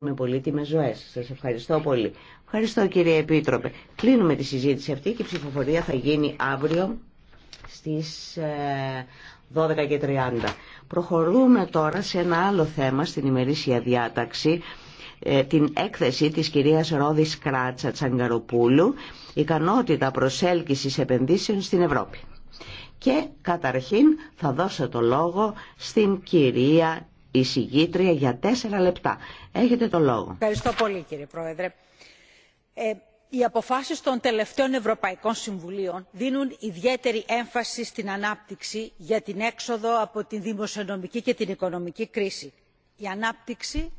με πολύτιμες ζωέ. Σας ευχαριστώ πολύ. Ευχαριστώ κύριε Επίτροπε. Κλείνουμε τη συζήτηση αυτή και η ψηφοφορία θα γίνει αύριο στις 12.30. Ε, Προχωρούμε τώρα σε ένα άλλο θέμα στην ημερήσια διάταξη ε, την έκθεση της κυρίας Ρόδης Κράτσα Τσαγκαροπούλου «Ικανότητα προσέλκυσης επενδύσεων στην Ευρώπη». Και καταρχήν θα δώσω το λόγο στην κυρία η συγγήτρια για τέσσερα λεπτά. Έχετε το λόγο. Ευχαριστώ πολύ κύριε Πρόεδρε. Ε, οι αποφάσεις των τελευταίων Ευρωπαϊκών Συμβουλίων δίνουν ιδιαίτερη έμφαση στην ανάπτυξη για την έξοδο από την δημοσιονομική και την οικονομική κρίση. Η ανάπτυξη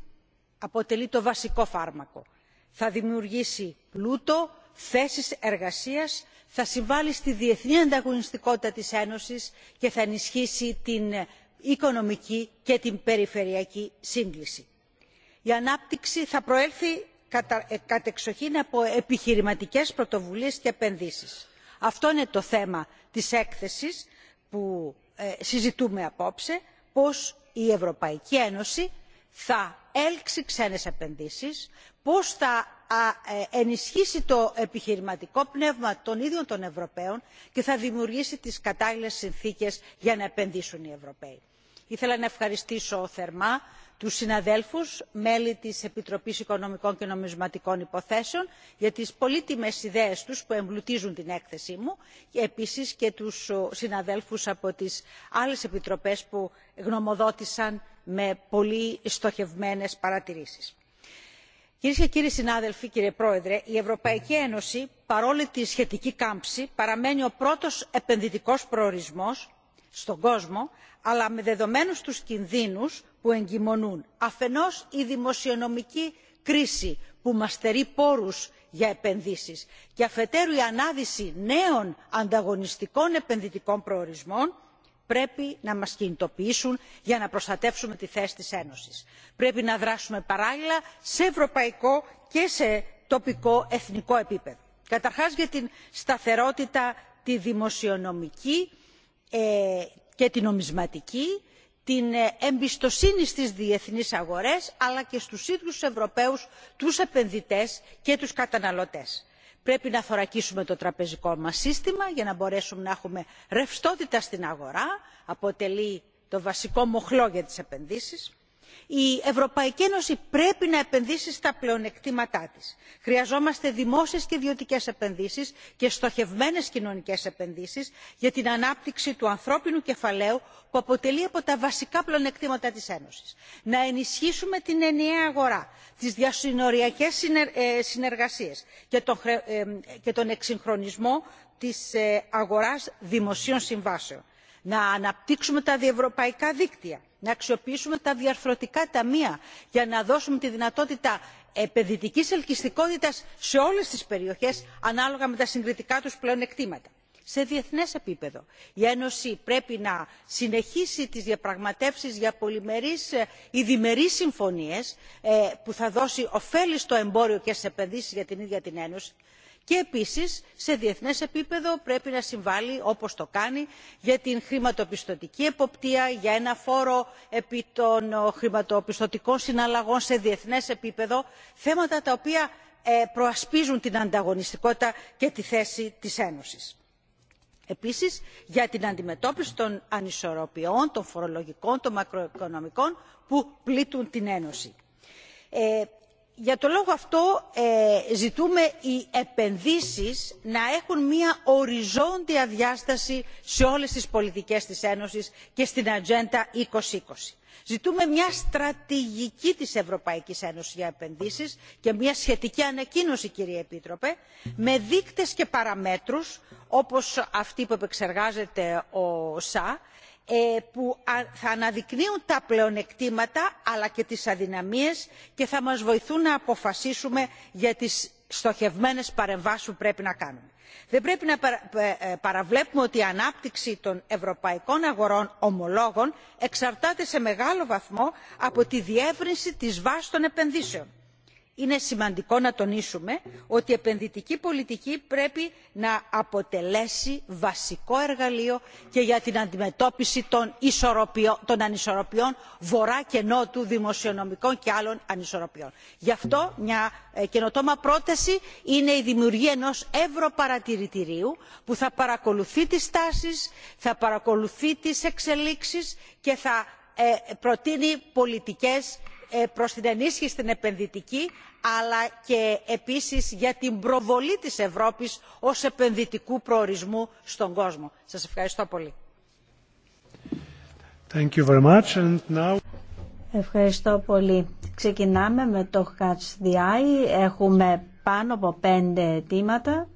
αποτελεί το βασικό φάρμακο. Θα δημιουργήσει πλούτο, θέσεις εργασίας, θα συμβάλλει στη διεθνή ανταγωνιστικότητα της Ένωσης και θα ενισχύσει την οικονομική και την περιφερειακή σύγκληση. η ανάπτυξη θα προέλθει ε, κατεξοχήν από επιχειρηματικές πρωτοβουλίες και επενδύσεις. αυτό είναι το θέμα της έκθεσης που ε, συζητούμε απόψε πώς η ευρωπαϊκή ένωση θα έλξει ξένες επενδύσεις πώς θα ε, ενισχύσει το επιχειρηματικό πνεύμα των ίδιων των ευρωπαίων και θα δημιουργήσει τις κατάλληλες συνθήκες για να επενδύσουν οι ευρωπαίοι ήθελα να ευχαριστήσω θερμά τους συναδέλφους μέλη της επιτροπής οικονομικών και νομισματικών υποθέσεων για τις πολύτιμες ιδέες τους που εμπλουτίζουν την έκθεσή μου και επίσης και τους συναδέλφους από τις άλλες επιτροπές που γνωμοδότησαν με πολύ στοχευμένες παρατηρήσεις. Κυρίε και κύριοι συνάδελφοι, κύριε Πρόεδρε, η Ευρωπαϊκή Ένωση, παρόλη τη σχετική κάμψη, παραμένει ο πρώτος επενδυτικός προορισμός στον κόσμο αλλά με δεδομένους τους κινδύνους που εγκυμονούν αφενός η δημοσιονομική κρίση που μας στερεί πόρους για επενδύσεις και αφετέρου η ανάδυση νέων ανταγωνιστικών επενδυτικών προορισμών πρέπει να μας κινητοποιήσουν για να προστατεύσουμε τη θέση της ένωσης. πρέπει να δράσουμε παράλληλα σε ευρωπαϊκό και σε τοπικό εθνικό επίπεδο. καταρχάς για την σταθερότητα τη δημοσιονομική ε, και την νομισματική, την ε, εμπιστοσύνη στις διεθνείς αγορές, αλλά και στους ίδιους τους Ευρωπαίους, τους επενδυτές και τους καταναλωτές. Πρέπει να θωρακίσουμε το τραπεζικό μας σύστημα για να μπορέσουμε να έχουμε ρευστότητα στην αγορά, αποτελεί το βασικό μοχλό για τις επενδύσεις η ευρωπαϊκή ένωση πρέπει να επενδύσει στα πλεονεκτήματά της. χρειαζόμαστε δημόσιες και ιδιωτικέ επενδύσεις και στοχευμένες κοινωνικέ επενδύσεις για την ανάπτυξη του ανθρώπινου κεφαλαίου που αποτελεί από τα βασικά πλεονεκτήματα της ένωσης. να ενισχύσουμε την ενιαία αγορά τι διασυνοριακέ ε, συνεργασίε ε, και τον εξυγχρονισμό της ε, αγορά δημοσίων συμβάσεων να αναπτύξουμε τα διευρωπαϊκά δίκτυα να αξιοποιήσουμε τα διαρθρωτικά ταμεία για να δώσουμε τη δυνατότητα επενδυτικής ελκυστικότητας σε όλες τις περιοχές ανάλογα με τα συγκριτικά τους πλεονεκτήματα. σε διεθνές επίπεδο η ένωση πρέπει να συνεχίσει τις διαπραγματεύσεις για πολυμερείς ε, ή διμερείς συμφωνίες ε, που θα δώσει ωφέλη στο εμπόριο και στις επενδύσεις για την ίδια την ένωση και επίσης σε διεθνές επίπεδο πρέπει να συμβάλλει όπως το κάνει για την χρηματοπιστωτική εποπτεία για ένα φόρο επί των ε, χρηματοπιστωτικών συναλλαγών σε διεθνές επίπεδο θέματα τα οποία ε, προασπίζουν την ανταγωνιστικότητα και τη θέση της ένωσης επίσης για την αντιμετώπιση των ανισορροπιών των φορολογικών των μακροοικονομικών που πλήττουν την ένωση. Ε, για τον λόγο αυτό ε, ζητούμε οι επενδύσεις να έχουν μια οριζόντια διάσταση σε όλες τις πολιτικές της ένωσης και στην ατζέντα 2020. Ζητούμε μια στρατηγική της Ευρωπαϊκής Ένωσης για επενδύσεις και μια σχετική ανακοίνωση, κύριε Επίτροπε, με δείκτες και παραμέτρους, όπως αυτή που επεξεργάζεται ο ΣΑ, ε, που θα αναδεικνύουν τα πλεονεκτήματα αλλά και τις αδυναμίες και θα μας βοηθούν να αποφασίσουμε για τις στοχευμένες παρεμβάσεις που πρέπει να κάνουμε. δεν πρέπει να ε, ε, παραβλέπουμε ότι η ανάπτυξη των ευρωπαϊκών αγορών ομολόγων εξαρτάται σε μεγάλο βαθμό από τη διεύρυνση της βάσης των επενδύσεων είναι σημαντικό να τονίσουμε ότι η επενδυτική πολιτική πρέπει να αποτελέσει βασικό εργαλείο και για την αντιμετώπιση των ανισορροπιών βορρά και νότου δημοσιονομικών και άλλων ανισορροπιών. γι' αυτό μια ε, καινοτόμα πρόταση είναι η δημιουργία ενός ευρωπαρατηρητηρίου που θα παρακολουθεί τις τάσεις θα παρακολουθεί τις εξελίξεις και θα ε, προτείνει πολιτικές ε, Προ την ενίσχυση την επενδυτική αλλά και επίσης για την προβολή της Ευρώπης ως επενδυτικού προορισμού στον κόσμο. Σας ευχαριστώ πολύ. Ευχαριστώ πολύ. Ξεκινάμε με το Catch the Έχουμε πάνω από πέντε αιτήματα.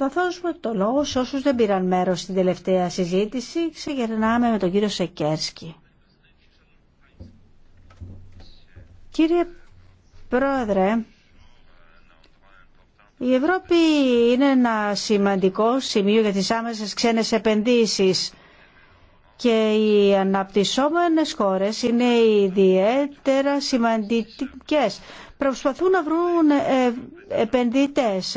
Θα δώσουμε το λόγο σε όσους δεν πήραν μέρος στην τελευταία συζήτηση. Ξεγερνάμε με τον κύριο Σεκέρσκι. Κύριε Πρόεδρε, η Ευρώπη είναι ένα σημαντικό σημείο για τις άμεσες ξένες επενδύσεις και οι αναπτυσσόμενες χώρες είναι ιδιαίτερα σημαντικές. Προσπαθούν να βρουν ε, επενδυτές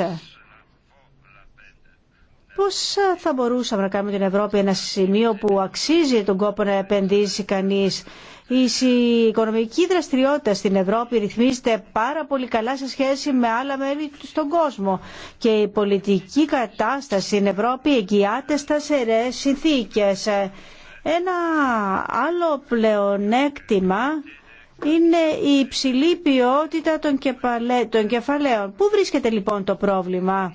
Πώς ε, θα μπορούσαμε να κάνουμε την Ευρώπη ένα σημείο που αξίζει τον κόπο να επενδύσει κανείς. Η οικονομική δραστηριότητα στην Ευρώπη ρυθμίζεται πάρα πολύ καλά σε σχέση με άλλα μέρη στον κόσμο και η πολιτική κατάσταση στην Ευρώπη εγγυάται στα σερές συνθήκες. Ε, ένα άλλο πλεονέκτημα είναι η υψηλή ποιότητα των κεφαλαίων. Πού βρίσκεται λοιπόν το πρόβλημα.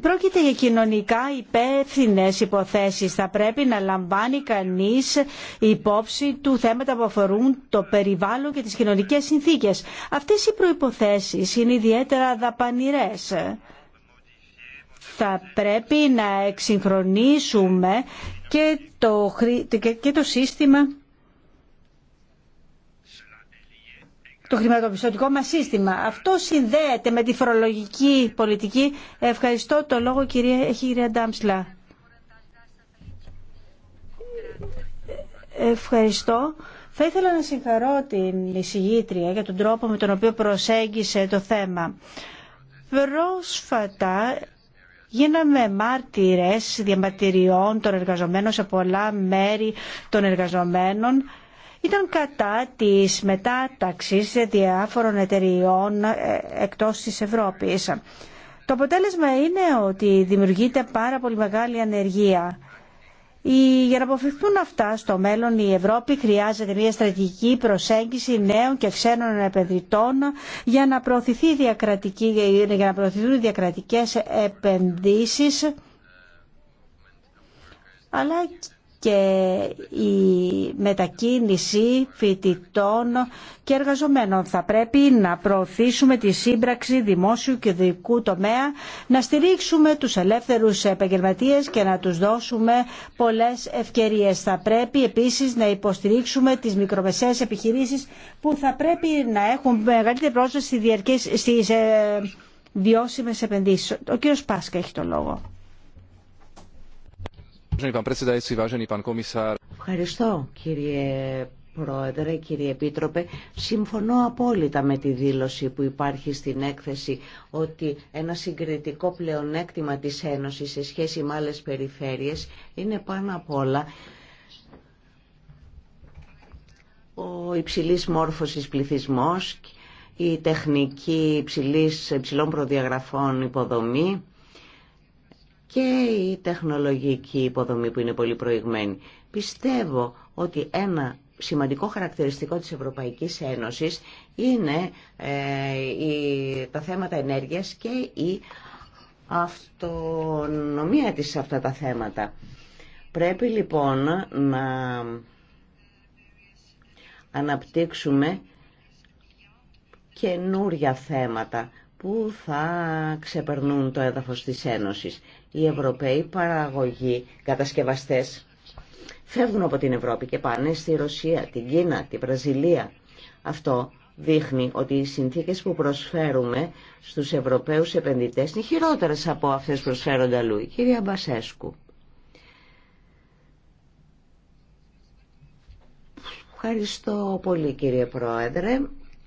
Πρόκειται για κοινωνικά υπεύθυνε υποθέσεις. Θα πρέπει να λαμβάνει κανείς υπόψη του θέματα που αφορούν το περιβάλλον και τις κοινωνικέ συνθήκες. Αυτές οι προϋποθέσεις είναι ιδιαίτερα δαπανηρέ. Θα πρέπει να εξυγχρονίσουμε και το, και το σύστημα το χρηματοπιστωτικό μα σύστημα. Αυτό συνδέεται με τη φορολογική πολιτική. Ευχαριστώ το λόγο κυρία, κυρία Ντάμψλα. Ευχαριστώ. Θα ήθελα να συγχαρώ την εισηγήτρια για τον τρόπο με τον οποίο προσέγγισε το θέμα. Πρόσφατα γίναμε μάρτυρες διαμαρτυριών των εργαζομένων σε πολλά μέρη των εργαζομένων ήταν κατά της μετάταξης διάφορων εταιριών ε, εκτός της Ευρώπης. Το αποτέλεσμα είναι ότι δημιουργείται πάρα πολύ μεγάλη ανεργία. Για να αποφευχθούν αυτά στο μέλλον η Ευρώπη χρειάζεται μια στρατηγική προσέγγιση νέων και ξένων επενδυτών για να, διακρατική, για να προωθηθούν διακρατικές επενδύσεις αλλά και η μετακίνηση φοιτητών και εργαζομένων. Θα πρέπει να προωθήσουμε τη σύμπραξη δημόσιου και δικού τομέα, να στηρίξουμε τους ελεύθερους επαγγελματίες και να τους δώσουμε πολλές ευκαιρίες. Θα πρέπει επίσης να υποστηρίξουμε τις μικρομεσαίες επιχειρήσεις που θα πρέπει να έχουν μεγαλύτερη πρόσβαση στις ε, ε, βιώσιμες επενδύσεις. Ο κύριος Πάσκα έχει το λόγο. Ευχαριστώ κύριε Πρόεδρε, κύριε Επίτροπε, συμφωνώ απόλυτα με τη δήλωση που υπάρχει στην έκθεση ότι ένα συγκριτικό πλεονέκτημα της Ένωσης σε σχέση με άλλες περιφέρειες είναι πάνω απ' όλα ο υψηλής μόρφωσης πληθυσμός, η τεχνική υψηλής, υψηλών προδιαγραφών υποδομή, και η τεχνολογική υποδομή που είναι πολύ προηγμένη. Πιστεύω ότι ένα σημαντικό χαρακτηριστικό της Ευρωπαϊκής Ένωσης είναι ε, τα θέματα ενέργειας και η αυτονομία της σε αυτά τα θέματα. Πρέπει λοιπόν να αναπτύξουμε καινούρια θέματα που θα ξεπερνούν το έδαφος της Ένωσης. Οι Ευρωπαίοι παραγωγοί, κατασκευαστές, φεύγουν από την Ευρώπη και πάνε στη Ρωσία, την Κίνα, τη Βραζιλία. Αυτό δείχνει ότι οι συνθήκες που προσφέρουμε στους Ευρωπαίους επενδυτές είναι χειρότερες από αυτές που προσφέρονται αλλού. κυρία Μπασέσκου. Ευχαριστώ πολύ κύριε Πρόεδρε.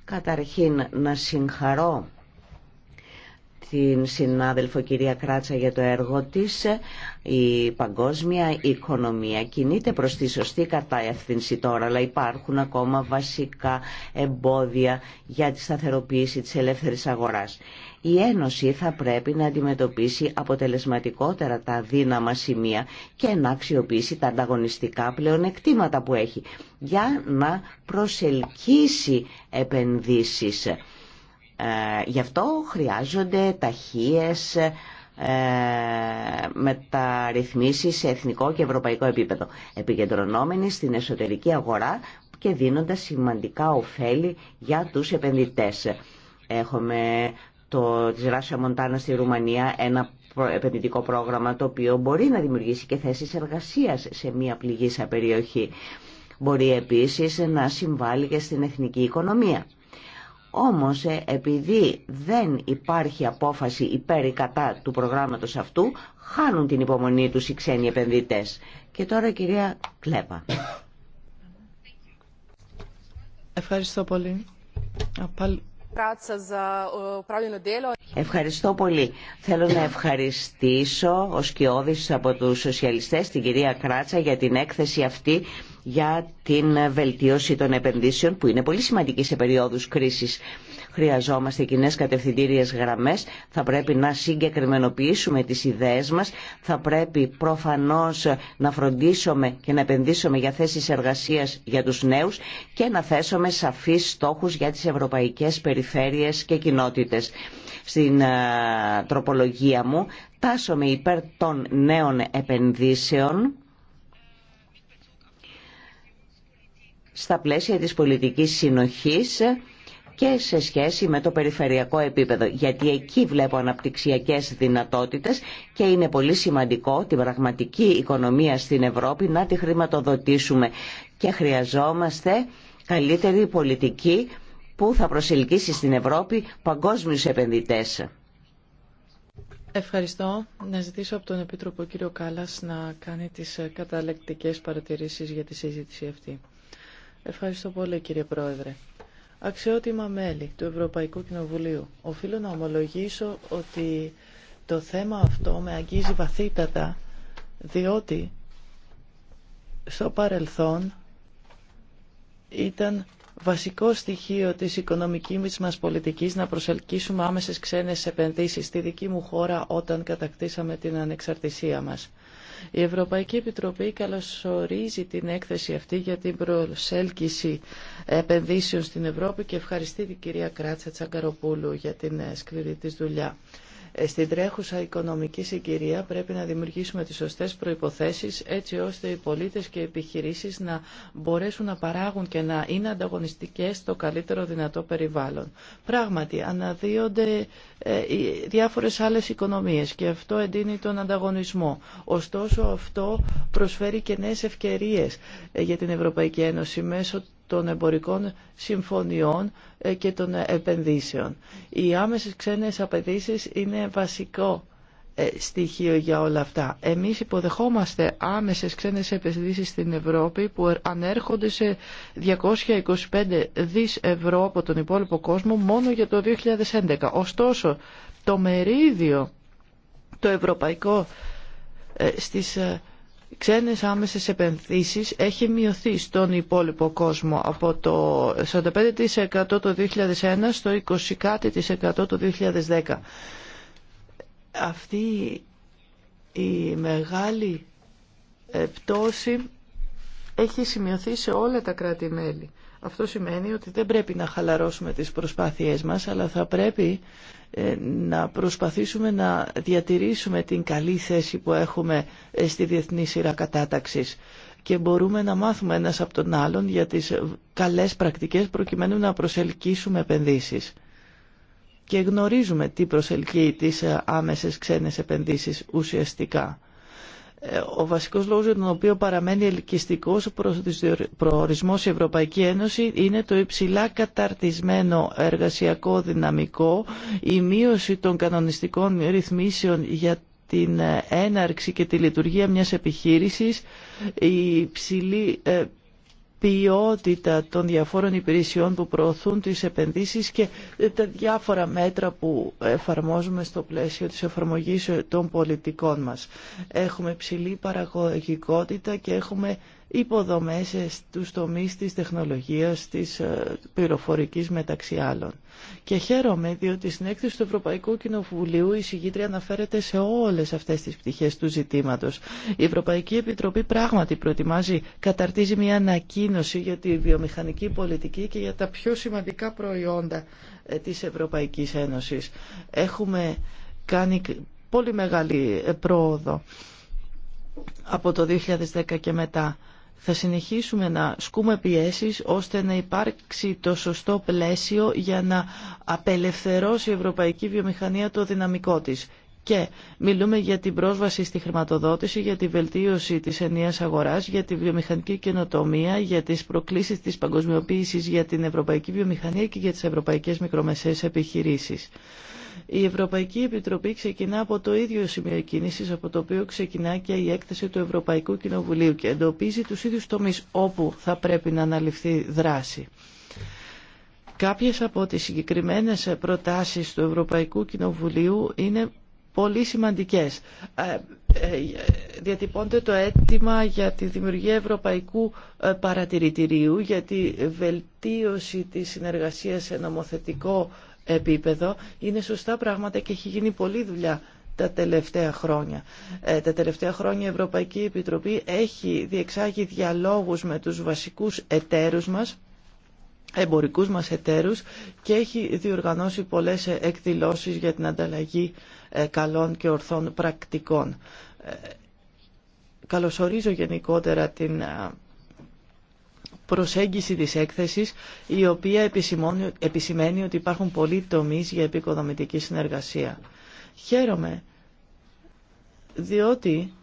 Καταρχήν να συγχαρώ την συνάδελφο κυρία Κράτσα για το έργο της. Η παγκόσμια οικονομία κινείται προς τη σωστή κατεύθυνση τώρα, αλλά υπάρχουν ακόμα βασικά εμπόδια για τη σταθεροποίηση της ελεύθερης αγοράς. Η Ένωση θα πρέπει να αντιμετωπίσει αποτελεσματικότερα τα δύναμα σημεία και να αξιοποιήσει τα ανταγωνιστικά πλεονεκτήματα που έχει για να προσελκύσει επενδύσεις ε, γι' αυτό χρειάζονται ταχείες ε, μεταρρυθμίσεις σε εθνικό και ευρωπαϊκό επίπεδο, επικεντρωνόμενοι στην εσωτερική αγορά και δίνοντας σημαντικά ωφέλη για τους επενδυτές. Έχουμε το της Ράσια Μοντάνα στη Ρουμανία ένα επενδυτικό πρόγραμμα το οποίο μπορεί να δημιουργήσει και θέσεις εργασίας σε μια πληγήσα περιοχή. Μπορεί επίσης να συμβάλλει και στην εθνική οικονομία. Όμως ε, επειδή δεν υπάρχει απόφαση υπέρ ή κατά του προγράμματος αυτού, χάνουν την υπομονή τους οι ξένοι επενδυτές. Και τώρα κυρία Κλέπα. Ευχαριστώ πολύ. Ευχαριστώ πολύ. Θέλω να ευχαριστήσω ο Σκιώδης από τους σοσιαλιστές, την κυρία Κράτσα, για την έκθεση αυτή για την βελτίωση των επενδύσεων που είναι πολύ σημαντική σε περίοδους κρίσης. Χρειαζόμαστε κοινέ κατευθυντήριε γραμμέ. Θα πρέπει να συγκεκριμενοποιήσουμε τι ιδέε μα. Θα πρέπει προφανώ να φροντίσουμε και να επενδύσουμε για θέσει εργασία για του νέου και να θέσουμε σαφεί στόχου για τι ευρωπαϊκέ περιφέρειε και κοινότητε. Στην τροπολογία μου τάσομαι υπέρ των νέων επενδύσεων στα πλαίσια της πολιτικής συνοχής και σε σχέση με το περιφερειακό επίπεδο, γιατί εκεί βλέπω αναπτυξιακές δυνατότητες και είναι πολύ σημαντικό την πραγματική οικονομία στην Ευρώπη να τη χρηματοδοτήσουμε και χρειαζόμαστε καλύτερη πολιτική που θα προσελκύσει στην Ευρώπη παγκόσμιους επενδυτές. Ευχαριστώ. Να ζητήσω από τον Επίτροπο κύριο Κάλλας να κάνει τις καταλεκτικές παρατηρήσεις για τη συζήτηση αυτή. Ευχαριστώ πολύ κύριε Πρόεδρε. Αξιότιμα μέλη του Ευρωπαϊκού Κοινοβουλίου, οφείλω να ομολογήσω ότι το θέμα αυτό με αγγίζει βαθύτατα, διότι στο παρελθόν ήταν βασικό στοιχείο της οικονομικής μας πολιτικής να προσελκύσουμε άμεσες ξένες επενδύσεις στη δική μου χώρα όταν κατακτήσαμε την ανεξαρτησία μας. Η Ευρωπαϊκή Επιτροπή καλωσορίζει την έκθεση αυτή για την προσέλκυση επενδύσεων στην Ευρώπη και ευχαριστεί την κυρία Κράτσα Τσαγκαροπούλου για την ε, σκληρή της δουλειά. Ε, στην τρέχουσα οικονομική συγκυρία πρέπει να δημιουργήσουμε τις σωστές προϋποθέσεις έτσι ώστε οι πολίτες και οι επιχειρήσεις να μπορέσουν να παράγουν και να είναι ανταγωνιστικές στο καλύτερο δυνατό περιβάλλον. Πράγματι, αναδύονται ε, διάφορες άλλες οικονομίες και αυτό εντείνει τον ανταγωνισμό. Ωστόσο, αυτό προσφέρει και νέες ευκαιρίες ε, για την Ευρωπαϊκή Ένωση μέσω των εμπορικών συμφωνιών ε, και των επενδύσεων. Οι άμεσες ξένες απαιτήσει είναι βασικό ε, στοιχείο για όλα αυτά. Εμείς υποδεχόμαστε άμεσες ξένες επενδύσεις στην Ευρώπη που ε, ανέρχονται σε 225 δις ευρώ από τον υπόλοιπο κόσμο μόνο για το 2011. Ωστόσο, το μερίδιο το ευρωπαϊκό στις ξένες άμεσες επενδύσεις έχει μειωθεί στον υπόλοιπο κόσμο από το 45% το 2001 στο 20% το 2010. Αυτή η μεγάλη ε, πτώση έχει σημειωθεί σε όλα τα κράτη-μέλη. Αυτό σημαίνει ότι δεν πρέπει να χαλαρώσουμε τις προσπάθειές μας, αλλά θα πρέπει ε, να προσπαθήσουμε να διατηρήσουμε την καλή θέση που έχουμε ε, στη διεθνή σειρά κατάταξης και μπορούμε να μάθουμε ένας από τον άλλον για τις καλές πρακτικές προκειμένου να προσελκύσουμε επενδύσεις. Και γνωρίζουμε τι προσελκύει τις ε, άμεσες ξένες επενδύσεις ουσιαστικά ο βασικός λόγος για τον οποίο παραμένει ελκυστικός ο προορισμός η Ευρωπαϊκή Ένωση είναι το υψηλά καταρτισμένο εργασιακό δυναμικό, η μείωση των κανονιστικών ρυθμίσεων για την ε, έναρξη και τη λειτουργία μιας επιχείρησης, η υψηλή ε, ποιότητα των διαφόρων υπηρεσιών που προωθούν τις επενδύσεις και ε, τα διάφορα μέτρα που εφαρμόζουμε στο πλαίσιο της εφαρμογής ε, των πολιτικών μας. Έχουμε ψηλή παραγωγικότητα και έχουμε υποδομές ε, στους τομείς της τεχνολογίας, της ε, πληροφορικής μεταξύ άλλων. Και χαίρομαι διότι στην έκθεση του Ευρωπαϊκού Κοινοβουλίου η συγκήτρια αναφέρεται σε όλες αυτές τις πτυχές του ζητήματος. Η Ευρωπαϊκή Επιτροπή πράγματι προετοιμάζει, καταρτίζει μια ανακοίνωση για τη βιομηχανική πολιτική και για τα πιο σημαντικά προϊόντα ε, της Ευρωπαϊκής Ένωσης. Έχουμε κάνει πολύ μεγάλη πρόοδο από το 2010 και μετά. Θα συνεχίσουμε να σκούμε πιέσεις ώστε να υπάρξει το σωστό πλαίσιο για να απελευθερώσει η ευρωπαϊκή βιομηχανία το δυναμικό της. Και μιλούμε για την πρόσβαση στη χρηματοδότηση, για τη βελτίωση της ενίας αγοράς, για τη βιομηχανική καινοτομία, για τις προκλήσεις της παγκοσμιοποίησης για την ευρωπαϊκή βιομηχανία και για τις ευρωπαϊκές μικρομεσαίες επιχειρήσεις. Η Ευρωπαϊκή Επιτροπή ξεκινά από το ίδιο σημείο κίνηση, από το οποίο ξεκινά και η έκθεση του Ευρωπαϊκού Κοινοβουλίου και εντοπίζει του ίδιου τομεί όπου θα πρέπει να αναλυφθεί δράση. Κάποιες από τις συγκεκριμένε προτάσεις του Ευρωπαϊκού Κοινοβουλίου είναι πολύ σημαντικές. Ε, ε, διατυπώνται το αίτημα για τη δημιουργία Ευρωπαϊκού ε, Παρατηρητηρίου, για τη βελτίωση της συνεργασίας σε νομοθετικό επίπεδο. Είναι σωστά πράγματα και έχει γίνει πολλή δουλειά τα τελευταία χρόνια. Ε, τα τελευταία χρόνια η Ευρωπαϊκή Επιτροπή έχει διεξάγει διαλόγους με τους βασικούς εταίρους μας, εμπορικούς μας εταίρους και έχει διοργανώσει πολλές ε, εκδηλώσεις για την ανταλλαγή ε, καλών και ορθών πρακτικών. καλωσορίζω γενικότερα την προσέγγιση της έκθεσης η οποία επισημαίνει ότι υπάρχουν πολλοί τομείς για επικοδομητική συνεργασία. Χαίρομαι διότι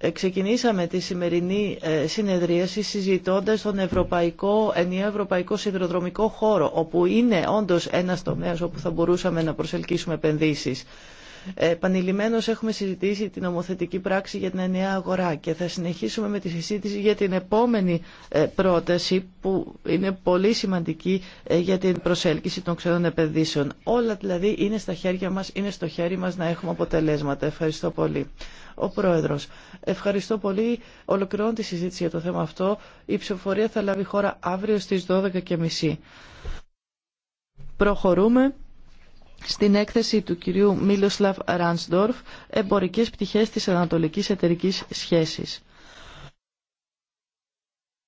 ε, ξεκινήσαμε τη σημερινή ε, συνεδρίαση συζητώντας τον ευρωπαϊκό, ενιαίο ευρωπαϊκό σιδηροδρομικό χώρο όπου είναι όντως ένας τομέας όπου θα μπορούσαμε να προσελκύσουμε επενδύσεις. Επανειλημμένως έχουμε συζητήσει την ομοθετική πράξη για την ενιαία αγορά και θα συνεχίσουμε με τη συζήτηση για την επόμενη ε, πρόταση που είναι πολύ σημαντική ε, για την προσέλκυση των ξένων επενδύσεων. Όλα δηλαδή είναι στα χέρια μας, είναι στο χέρι μας να έχουμε αποτελέσματα. Ευχαριστώ πολύ. Ο Πρόεδρος, ευχαριστώ πολύ. Ολοκληρώνω τη συζήτηση για το θέμα αυτό. Η ψηφοφορία θα λάβει χώρα αύριο στις 12.30. Προχωρούμε στην έκθεση του κυρίου Μίλοσλαβ Ράνσντορφ «Εμπορικές πτυχές της Ανατολικής Εταιρικής Σχέσης».